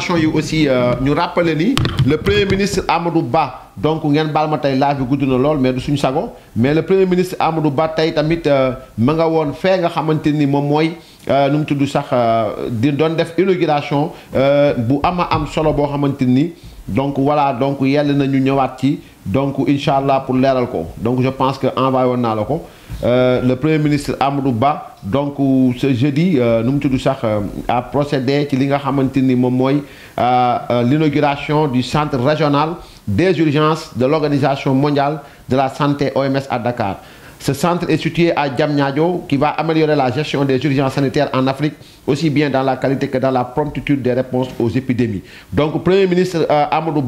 Je vous aussi euh, ñu le premier ministre Amadou Ba donc ngeen bal ma na mais du suñu sago mais le premier ministre Amadou Ba tay tamit euh, ma nga nga euh, bu ama am solo bo donc voilà donc donc Inch'Allah pour l'air donc je pense que euh, le premier ministre Amadou Ba donc ce jeudi euh, euh, a procédé à l'inauguration du centre régional des urgences de l'organisation mondiale de la santé OMS à Dakar Ce centre est situé à Djamnyadjo qui va améliorer la gestion des urgences sanitaires en Afrique, aussi bien dans la qualité que dans la promptitude des réponses aux épidémies. Donc, Premier ministre euh, Amadou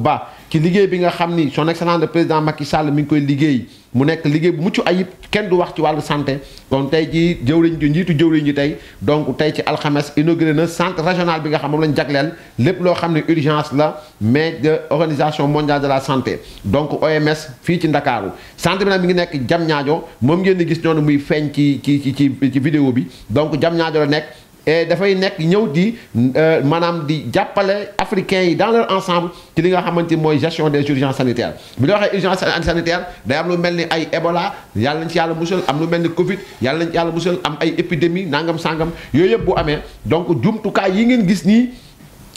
ci liggéey bi nga xam ni son excellence le président Macky Sall mi ngi koy liggéey mu nekk liggéey bu mucc ayib kenn du wax ci wàllu santé kon tey jii jëwriñ ji njiitu jëwriñ ji tey donc tey ci alxames inauguré na centre régional bi nga xam moom lañ jagleel lépp loo xam ne urgence la mais de organisation mondiale de la santé donc OMS fii ci Ndakaaru centre bi nag mi ngi nekk ñaajo moom ngeen di gis noonu muy feeñ ci ci ci ci vidéo bi donc Diamniadio la nekk et dafay nek ñeu di euh, manam di africains dans leur ensemble ci li nga xamante gestion des urgences sanitaires Mais les urgences urgence sanitaire day am lu Ebola yalla nañ ci yalla musal am lu melni Covid yalla nañ ci yalla am ay épidémie nangam sangam bu donc yi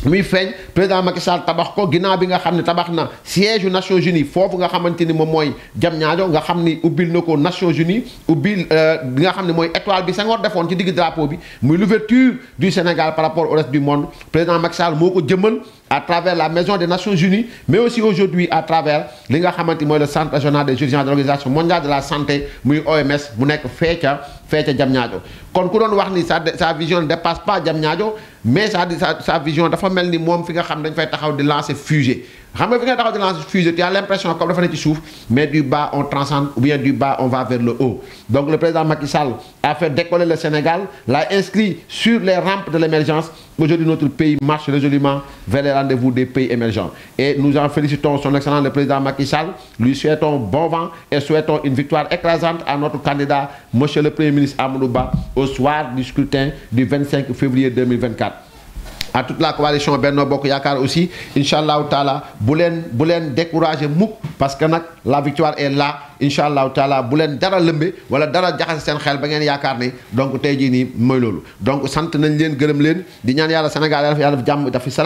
muy feñ président Macky Sall tabax ko ginnaaw bi nga xam tabax na siège aux Nations Unies foofu nga xamante ni moom mooy jam nga xam ni ubbil Nations Unies ubbil bi euh, nga xam ne mooy étoile bi Senghor defoon ci digg drapeau bi muy l'ouverture du Sénégal par rapport au reste du monde président Macky Sall moo ko à travers la maison des Nations Unies mais aussi aujourd'hui à travers li nga le centre régional des urgences de l'organisation mondiale de la santé muy OMS mu nekk faites Quand sa vision ne dépasse pas mais sa sa vision c'est mel ni fi nga lancer fusée fusée tu as l'impression comme le ne tu souffres. mais du bas on transcende ou bien du bas on va vers le haut donc le président Macky Sall a fait décoller le Sénégal l'a inscrit sur les rampes de l'émergence aujourd'hui notre pays marche résolument vers les rendez-vous des pays émergents et nous en félicitons son excellent le président Macky Sall lui souhaitons bon vent et souhaitons une victoire écrasante à notre candidat monsieur le premier ministre Amadou au soir du scrutin du 25 février 2024. à toute la coalition Benno Bokk Yakar aussi Inshallah, taala boulen Boulen, Mouk parce que la victoire est là Inshallah, taala boulen dara lëmbe wala dara jaxase sen xel ba ngeen yaakaar ne donc tey jii moy mooy donc sante nañ leen la leen di ñaan Sénégal dafi